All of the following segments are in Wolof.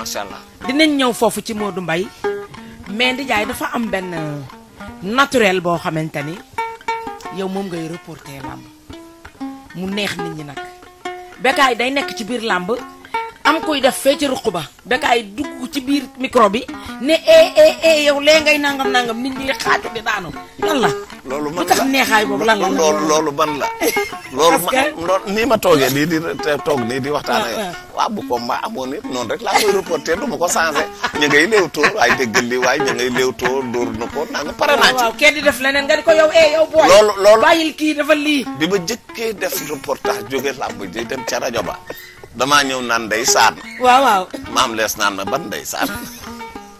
macha allah. dinañ ñëw foofu ci du mbay mais Ndiaye dafa am benn naturel boo xamante ni yow moom ngay reporter làmb mu neex nit ñi nag Bécaye day nekk ci biir làmb am kuy def fee ci ruq ba Bécaye dugg ci biir micro bi ne eh eh eh yow lee ngay nangam nangam nit ñi xaatu bi daanu loolu man la tax neexaay la loolu loolu ban la. loolu ma nii ma toogee nii di toog nii di waxtaan ak ah, ah. waaw bu ko ma amoon it noonu rek laa koy reporté lu ma ko changé. ñu ngay léewtoo waaye déggal li waaye ñu ngay léewtoo dóor na ko naan pare naa ah, ci. waaw kenn di def leneen nga di ko yow eh yow. booy loolu loolu bàyyil kii dafa lii. bi ma jëkkee def reportage jóge làmb ji dem ca rajo ba damaa ñëw naan day saan. maam lees naan ma ban ndeysaan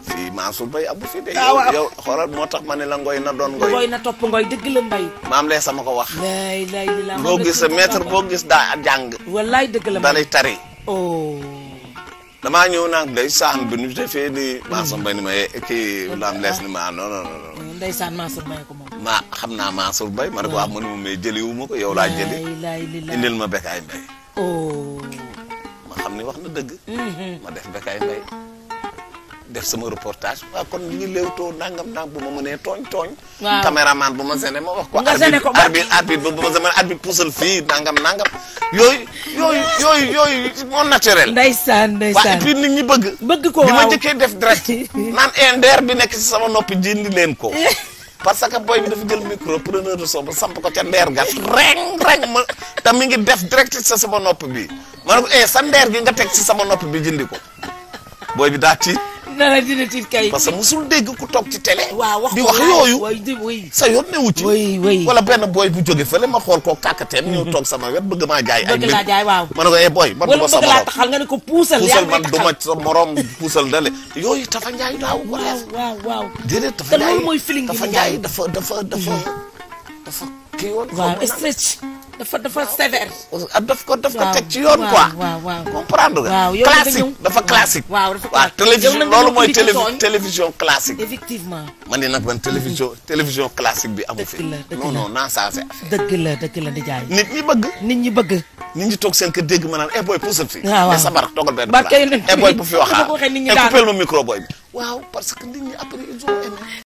fii Mansour Mbaye abu fi de ah, yow xoolal moo tax ma ne la ngoy na doon ngoy ngoy na topp ngoy sama ko wax boo gis maître boo gis daa jàng wallaay dëgg la oh. damaa ñëw naan ndeysaan bi ñu defee ni Mansour Mbaye ma kii maam lees ko moom ma ah, mu ne ma mais jëliwu ko yow laa jëli indil ma Bécaye Mbaye oh. ni wax na dëgg ma def Bécaye Mbaye def sama reportage waaw kon ñu léewtoo nangam nang bu ma mënee tooñ tooñ caméraman bu ma sene ma wax ko arbitre arbitre bu ma sene arbitre puusal fii nangam nangam yooyu yooyu yooyu yooyu moo naturel ndeysaan ndeysaan waaw et puis bëgg bëgg ko waaw bi ma njëkkee def direct naan bi nekk si sama noppi jindi leen ko parce que boy bi dafa jël micro preneur de son ba ko ca ndeer ga reng reng ma te mi ngi def direct sa sama nopp bi ma ne ko eh sa ndeer gi nga teg ci sama nopp bi jëndi ko boy daa tiit dara dina tiit kay. parce que musul dégg ku toog ci télé. waaw wax yooyu. sa yoon ne wu ci. wala benn booy bu jóge fële ma xool ko kàkkateem. ñëw toog sama wet bëgg maa jaay. ay mbir bëgg laa jaay ma ne ko eh booy man duma sa morom wala bëgg laa nga ne ko puusal. yaa ngi yooyu Tafa Ndiaye dafa dafa dafa dafa kii woon. waaw stretch dafa dafa sévère. Ah, daf ko daf ko teg ci yoon quoi. waaw waaw dafa dafa waaw loolu mooy télévision classique. man ni nag man télévision télévision classique bi amu fi. non naa changé affaire. dëgg nit ñi bëgg. nit ñi bëgg. nit ñi toog seen kër dégg ma naan eh boy fi. waaw waaw eh, sa bar toogal benn. Eh, bu fi waxaa eh coupé ma micro bi. waaw parce que nit ñi après ils ont